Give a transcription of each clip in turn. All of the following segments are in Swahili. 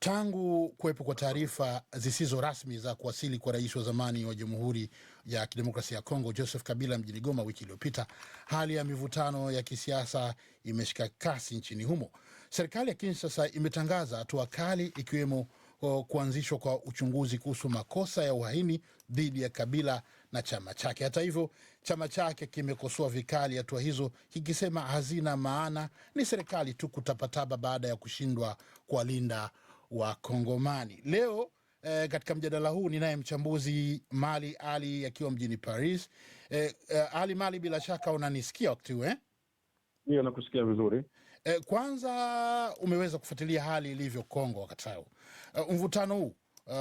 Tangu kuwepo kwa taarifa zisizo rasmi za kuwasili kwa rais wa zamani wa Jamhuri ya Kidemokrasia ya Kongo Joseph Kabila mjini Goma wiki iliyopita, hali ya mivutano ya kisiasa imeshika kasi nchini humo. Serikali ya Kinshasa imetangaza hatua kali, ikiwemo kuanzishwa kwa uchunguzi kuhusu makosa ya uhaini dhidi ya Kabila na chama chake. Hata hivyo, chama chake kimekosoa vikali hatua hizo kikisema hazina maana, ni serikali tu kutapataba baada ya kushindwa kuwalinda wa Kongomani. Leo eh, katika mjadala huu ninaye mchambuzi Mali Ali akiwa mjini Paris. Eh, eh, Ali Mali, bila shaka unanisikia wakati huu eh? Ndio, nakusikia vizuri. Eh, kwanza umeweza kufuatilia hali ilivyo Kongo wakati huu eh, mvutano huu uh,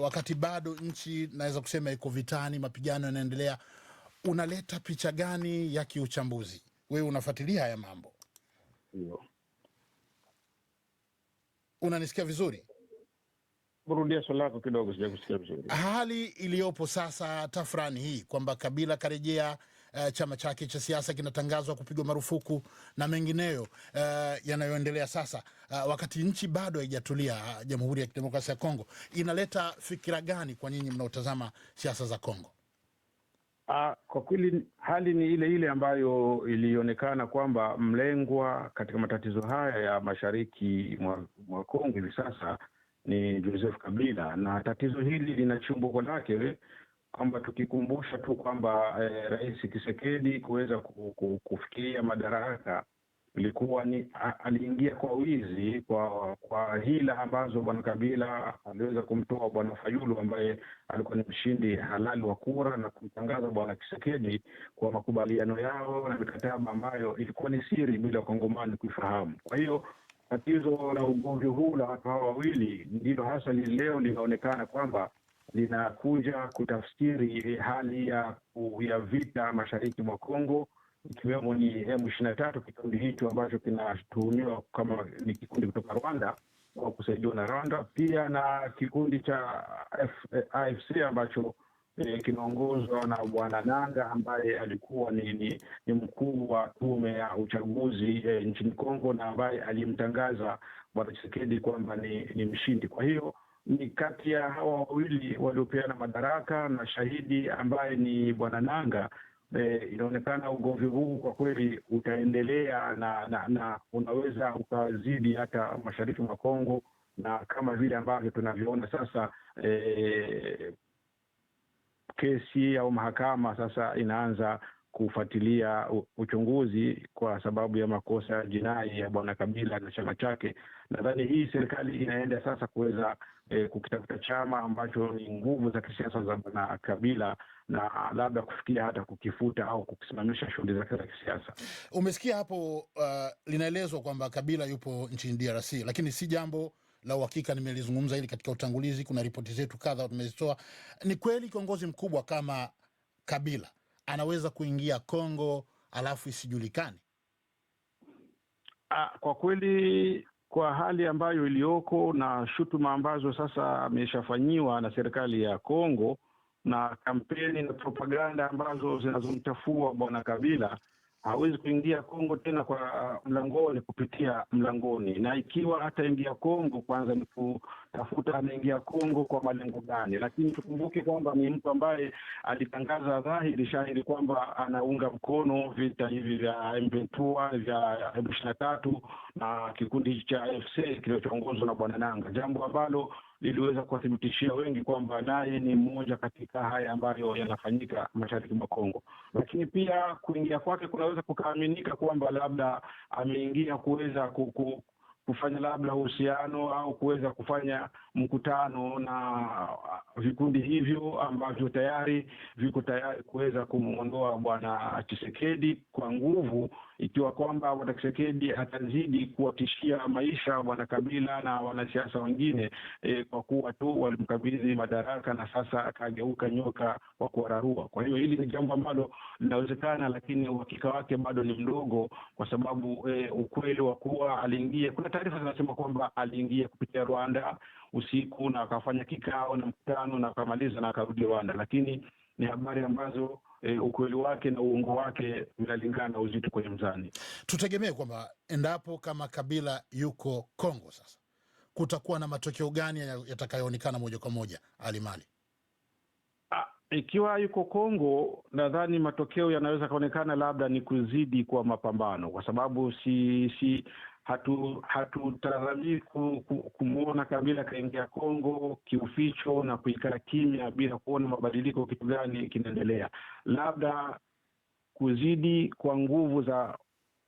wakati bado nchi naweza kusema iko vitani, mapigano yanaendelea, unaleta picha gani ya kiuchambuzi? Wewe unafuatilia haya mambo? Ndio. Unanisikia vizuri? Rudia swali lako kidogo, sijakusikia vizuri. Hali iliyopo sasa tafrani hii kwamba Kabila karejea Uh, chama chake cha siasa kinatangazwa kupigwa marufuku na mengineyo, uh, yanayoendelea sasa, uh, wakati nchi bado haijatulia. Jamhuri ya Kidemokrasia ya Kongo inaleta fikira gani kwa nyinyi mnaotazama siasa za Kongo? Ah, kwa kweli hali ni ile ile ambayo ilionekana kwamba mlengwa katika matatizo haya ya mashariki mwa, mwa Kongo hivi sasa ni Joseph Kabila, na tatizo hili lina chimbuko lake kwamba tukikumbusha tu kwamba eh, Rais Tshisekedi kuweza kufikia madaraka ilikuwa ni aliingia kwa wizi kwa kwa hila ambazo bwana Kabila aliweza kumtoa bwana Fayulu ambaye alikuwa ni mshindi halali wa kura na kumtangaza bwana Kisekedi kwa makubaliano yao na mikataba ambayo ilikuwa ni siri bila wakongomani kuifahamu. Kwa hiyo tatizo la ugomvi huu la watu hawa wawili ndilo hasa leo linaonekana kwamba linakuja kutafsiri hali ya, ya vita mashariki mwa Kongo ikiwemo ni hemu ishirini na tatu, kikundi hicho ambacho kinatuhumiwa kama ni kikundi kutoka Rwanda kwa kusaidiwa na Rwanda, pia na kikundi cha AFC ambacho eh, kinaongozwa na Bwana Nanga ambaye alikuwa ni, ni, ni mkuu wa tume ya uchaguzi eh, nchini Kongo na ambaye alimtangaza Bwana chisekedi kwamba ni, ni mshindi. Kwa hiyo ni kati ya hawa wawili waliopeana madaraka na shahidi ambaye ni Bwana Nanga e, inaonekana ugomvi huu kwa kweli utaendelea na, na, na unaweza ukazidi hata mashariki mwa Kongo na kama vile ambavyo tunavyoona sasa e, kesi au mahakama sasa inaanza kufuatilia uchunguzi kwa sababu ya makosa ya jinai ya bwana Kabila na chama chake. Nadhani hii serikali inaenda sasa kuweza eh, kukitafuta chama ambacho ni nguvu za kisiasa za bwana Kabila na labda kufikia hata kukifuta au kukisimamisha shughuli zake za kisiasa. Umesikia hapo, uh, linaelezwa kwamba Kabila yupo nchini DRC, lakini si jambo la uhakika. Nimelizungumza hili katika utangulizi, kuna ripoti zetu kadha tumezitoa. Ni kweli kiongozi mkubwa kama Kabila anaweza kuingia Kongo alafu isijulikane? Ah, kwa kweli kwa hali ambayo iliyoko na shutuma ambazo sasa ameshafanyiwa na serikali ya Kongo na kampeni na propaganda ambazo zinazomchafua bwana Kabila hawezi kuingia Kongo tena kwa uh, mlangoni kupitia mlangoni, na ikiwa ataingia Kongo, kwanza ni kutafuta anaingia Kongo kwa malengo gani. Lakini tukumbuke kwamba ni mtu ambaye alitangaza dhahiri shahiri kwamba anaunga mkono vita hivi vya M23 vya M23 na kikundi cha AFC kilichoongozwa na Bwana Nanga, jambo ambalo liliweza kuwathibitishia wengi kwamba naye ni mmoja katika haya ambayo yanafanyika mashariki mwa Kongo. Lakini pia kuingia kwake kunaweza kukaaminika kwamba labda ameingia kuweza kuku kufanya labda uhusiano au kuweza kufanya mkutano na vikundi hivyo ambavyo tayari viko tayari kuweza kumwondoa Bwana Tshisekedi kwa nguvu ikiwa kwamba Tshisekedi atazidi kuwatishia maisha bwana Kabila na wanasiasa wengine e, kwa kuwa tu walimkabidhi madaraka na sasa akageuka nyoka wa kuwararua. Kwa hiyo hili ni jambo ambalo linawezekana, lakini uhakika wake bado ni mdogo, kwa sababu e, ukweli wa kuwa aliingia, kuna taarifa zinasema kwamba aliingia kupitia Rwanda usiku na akafanya kikao na mkutano na akamaliza na akarudi Rwanda, lakini ni habari ambazo e, ukweli wake na uongo wake vinalingana uzito kwenye mzani. Tutegemee kwamba endapo kama Kabila yuko Kongo sasa kutakuwa na matokeo gani yatakayoonekana moja kwa moja alimali? Ah, ikiwa yuko Kongo, nadhani matokeo yanaweza kaonekana labda ni kuzidi kwa mapambano, kwa sababu si si hatutarajii hatu kumwona Kabila akaingia Kongo kiuficho na kuikaa kimya bila kuona mabadiliko, kitu gani kinaendelea, labda kuzidi kwa nguvu za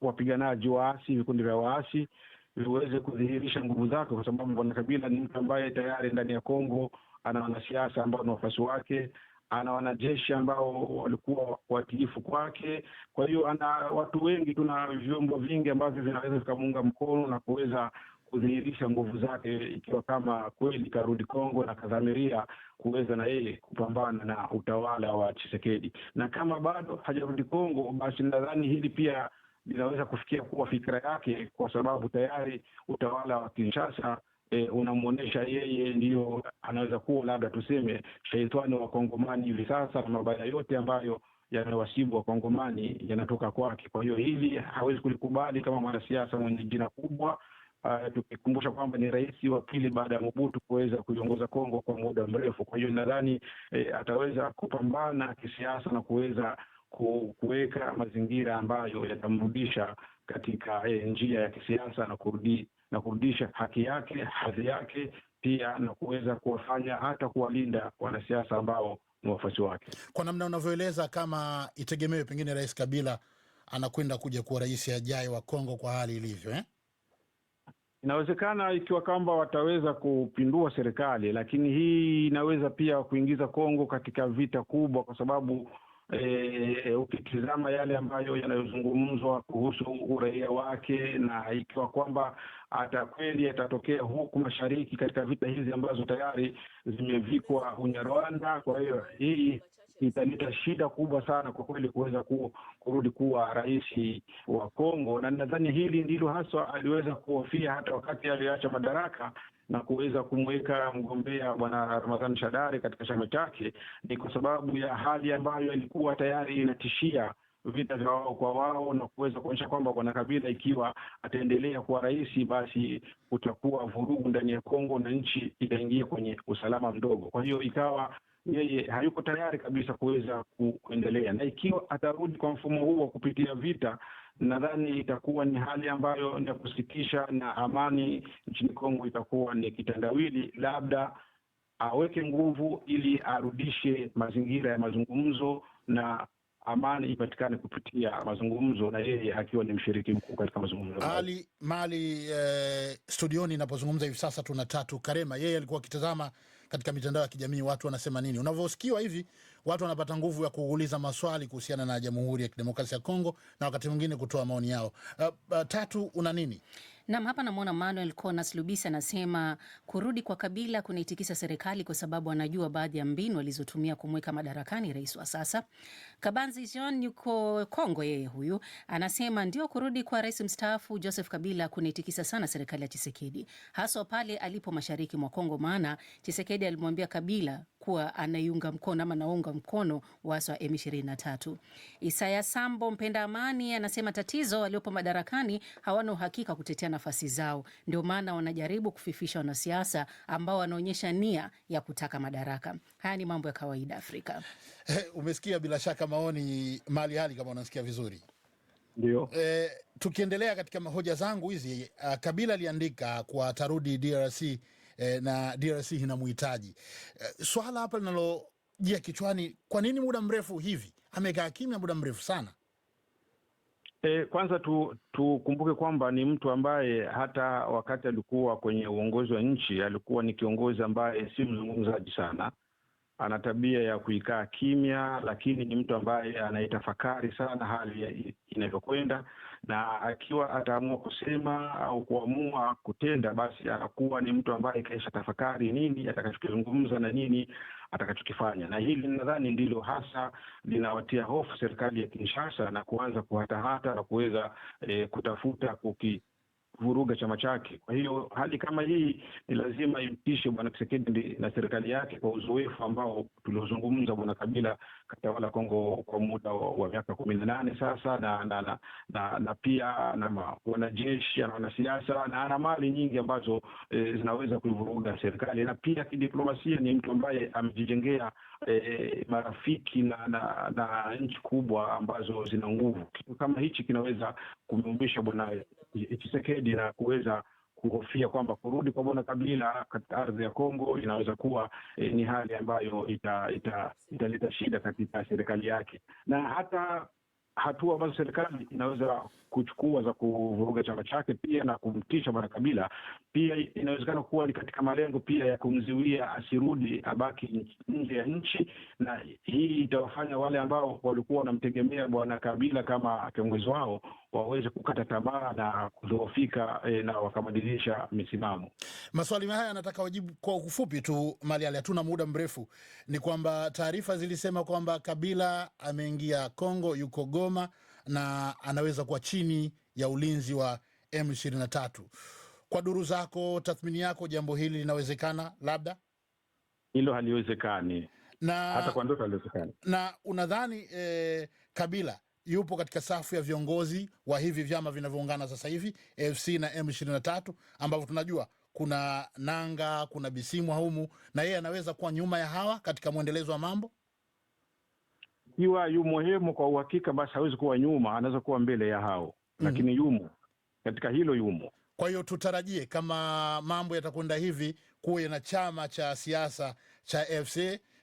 wapiganaji waasi, vikundi vya waasi viweze kudhihirisha nguvu zake, kwa sababu bwana Kabila ni mtu ambaye tayari ndani ya Kongo ana wanasiasa ambao ni wafuasi wake ana wanajeshi ambao walikuwa watiifu kwake. Kwa hiyo ana watu wengi, tuna vyombo vingi ambavyo vinaweza vikamuunga mkono na kuweza kudhihirisha nguvu zake, ikiwa kama kweli karudi Kongo na kadhamiria kuweza na yeye kupambana na utawala wa chisekedi na kama bado hajarudi Kongo, basi nadhani hili pia linaweza kufikia kuwa fikira yake, kwa sababu tayari utawala wa Kinshasa e, eh, unamwonyesha yeye ndiyo anaweza kuwa labda tuseme sheitani wa Kongomani hivi sasa, na mabaya yote ambayo yanawasibu Wakongomani yanatoka kwake. Kwa hiyo hili hawezi kulikubali kama mwanasiasa mwenye jina kubwa. Uh, tukikumbusha kwamba ni rais wa pili baada ya mubutu kuweza kuiongoza Kongo kwa muda mrefu. Kwa hiyo nadhani eh, ataweza kupambana kisiasa na kuweza kuweka mazingira ambayo yatamrudisha katika eh, njia ya kisiasa na kurudi, na kurudisha haki yake, hadhi yake, pia na kuweza kuwafanya hata kuwalinda wanasiasa ambao ni wafuasi wake. Kwa namna unavyoeleza, kama itegemewe pengine Rais Kabila anakwenda kuja kuwa rais ajaye wa Kongo kwa hali ilivyo eh? Inawezekana ikiwa kwamba wataweza kupindua serikali, lakini hii inaweza pia kuingiza Kongo katika vita kubwa, kwa sababu E, ukitizama yale ambayo yanayozungumzwa kuhusu uraia wake na ikiwa kwamba atakweli atatokea huku mashariki katika vita hizi ambazo tayari zimevikwa Unyarwanda. Kwa hiyo hii italeta shida kubwa sana kwa kweli kuweza ku, kurudi kuwa rais wa Kongo, na nadhani hili ndilo haswa aliweza kuhofia hata wakati aliyoacha madaraka na kuweza kumweka mgombea bwana Ramadhani Shadari katika chama chake, ni kwa sababu ya hali ambayo ilikuwa tayari inatishia vita vya wao kwa wao na kuweza kuonyesha kwamba bwana Kabila ikiwa ataendelea kuwa rais, basi kutakuwa vurugu ndani ya Kongo na nchi itaingia kwenye usalama mdogo. Kwa hiyo ikawa yeye hayuko tayari kabisa kuweza kuendelea, na ikiwa atarudi kwa mfumo huu wa kupitia vita, nadhani itakuwa ni hali ambayo ni ya kusikitisha, na amani nchini Kongo itakuwa ni kitandawili. Labda aweke nguvu ili arudishe mazingira ya mazungumzo na amani ipatikane kupitia mazungumzo, na yeye akiwa ni mshiriki mkuu katika mazungumzo. Ali Mali eh, studioni inapozungumza hivi sasa tuna Tatu Karema, yeye alikuwa akitazama katika mitandao ya kijamii watu wanasema nini. Unavyosikiwa hivi, watu wanapata nguvu ya kuuliza maswali kuhusiana na Jamhuri ya Kidemokrasia ya Kongo na wakati mwingine kutoa maoni yao. Uh, uh, Tatu, una nini? Nam, hapa namwona Manuel Konas Lubisa anasema kurudi kwa Kabila kunaitikisa serikali kwa sababu anajua baadhi ya mbinu alizotumia kumweka madarakani rais wa sasa. Kabanzi Jean yuko Kongo, yeye huyu anasema ndio kurudi kwa rais mstaafu Joseph Kabila kunaitikisa sana serikali ya Chisekedi, haswa pale alipo mashariki mwa Kongo, maana Chisekedi alimwambia Kabila kuwa anaiunga mkono ama anaunga mkono waasi wa M23. Isaya Sambo mpenda amani anasema tatizo waliopo madarakani hawana uhakika kutetea nafasi zao, ndio maana wanajaribu kufifisha wanasiasa ambao wanaonyesha nia ya kutaka madaraka. Haya ni mambo ya kawaida Afrika. Eh, umesikia bila shaka maoni mali hali kama unasikia vizuri ndio. E, tukiendelea katika mahoja zangu hizi, eh, Kabila aliandika kwa tarudi DRC eh, na DRC inamhitaji. eh, swala hapa linalojia kichwani, kwa nini muda mrefu hivi amekaa kimya muda mrefu sana? E, kwanza tu tukumbuke kwamba ni mtu ambaye hata wakati alikuwa kwenye uongozi wa nchi alikuwa ni kiongozi ambaye si mzungumzaji sana, ana tabia ya kuikaa kimya, lakini ni mtu ambaye anaitafakari sana hali inavyokwenda na akiwa ataamua kusema au kuamua kutenda, basi atakuwa ni mtu ambaye kaisha tafakari nini atakachokizungumza na nini atakachokifanya. Na hili nadhani ndilo hasa linawatia hofu serikali ya Kinshasa na kuanza kuhatahata na kuweza eh, kutafuta kuki kuvuruga chama chake. Kwa hiyo hali kama hii ni lazima impishe bwana Tshisekedi na serikali yake kwa uzoefu ambao tuliozungumza. Bwana Kabila katawala Kongo kwa muda wa miaka kumi na nane sasa na, na, na, na, na pia na wanajeshi ana wanasiasa na ana mali nyingi ambazo e, zinaweza kuivuruga serikali, na pia kidiplomasia ni mtu ambaye amejijengea e, marafiki na, na, na nchi kubwa ambazo zina nguvu. Kitu kama hichi kinaweza kumeumbisha bwana eh, Tshisekedi zaidi na kuweza kuhofia kwamba kurudi kwa Bwana Kabila katika ardhi ya Kongo inaweza kuwa e, ni hali ambayo italeta ita, ita shida katika serikali yake na hata hatua ambazo serikali inaweza kuchukua za kuvuruga chama chake pia na kumtisha bwana Kabila. Pia inawezekana kuwa ni katika malengo pia ya kumziwia asirudi, abaki nje ya nchi, na hii itawafanya wale ambao walikuwa wanamtegemea bwana Kabila kama kiongozi wao waweze kukata tamaa na kudhoofika e, na wakabadilisha misimamo. Maswali haya yanataka wajibu kwa ufupi tu, Maliali, hatuna muda mrefu. Ni kwamba taarifa zilisema kwamba Kabila ameingia Kongo, yuko Goma na anaweza kuwa chini ya ulinzi wa M23. Kwa duru zako, tathmini yako, jambo hili linawezekana? Labda hilo haliwezekani na hata kwa ndoto haliwezekani. Na unadhani eh, Kabila yupo katika safu ya viongozi wa hivi vyama vinavyoungana sasa hivi AFC na M23 ambavyo tunajua kuna Nanga, kuna Bisimwa humu, na yeye anaweza kuwa nyuma ya hawa katika mwendelezo wa mambo ikiwa yu muhimu kwa uhakika, basi hawezi kuwa nyuma, anaweza kuwa mbele ya hao, mm-hmm. lakini yumo katika hilo, yumo. Kwa hiyo tutarajie kama mambo yatakwenda hivi, kuwe na chama cha siasa cha AFC,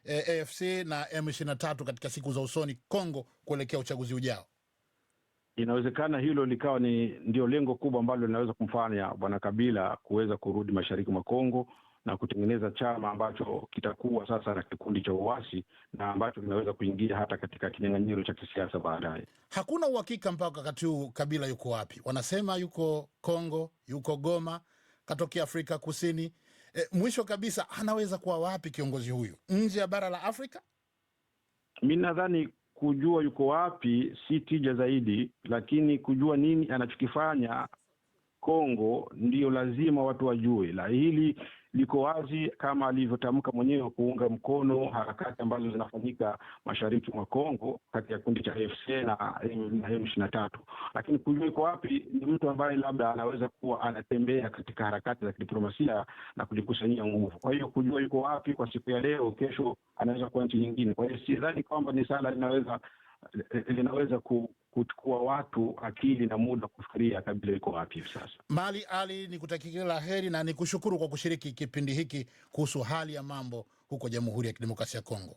AFC eh, na m tatu katika siku za usoni congo kuelekea uchaguzi ujao. Inawezekana hilo likawa ni ndio lengo kubwa ambalo linaweza kumfanya Bwana Kabila kuweza kurudi mashariki mwa Kongo na kutengeneza chama ambacho kitakuwa sasa na kikundi cha uasi na ambacho kinaweza kuingia hata katika kinyang'anyiro cha kisiasa baadaye. Hakuna uhakika mpaka wakati huu Kabila yuko wapi. Wanasema yuko Kongo, yuko Goma, katokea Afrika Kusini. E, mwisho kabisa anaweza kuwa wapi kiongozi huyu nje ya bara la Afrika? Mi nadhani kujua yuko wapi si tija zaidi, lakini kujua nini anachokifanya Kongo ndiyo lazima watu wajue, la hili liko wazi kama alivyotamka mwenyewe kuunga mkono harakati ambazo zinafanyika mashariki mwa Kongo kati ya kundi cha AFC na M23, lakini kujua iko wapi ni mtu ambaye labda anaweza kuwa anatembea katika harakati za kidiplomasia na kujikusanyia nguvu. Kwa hiyo kujua iko wapi kwa siku ya leo, kesho anaweza kuwa nchi nyingine. Kwa hiyo sidhani kwamba ni sala linaweza linaweza kuchukua watu akili na muda kufikiria Kabila iko wapi hivi sasa. Mali Ali, ni kutakia kila heri na ni kushukuru kwa kushiriki kipindi hiki kuhusu hali ya mambo huko Jamhuri ya Kidemokrasia ya Kongo.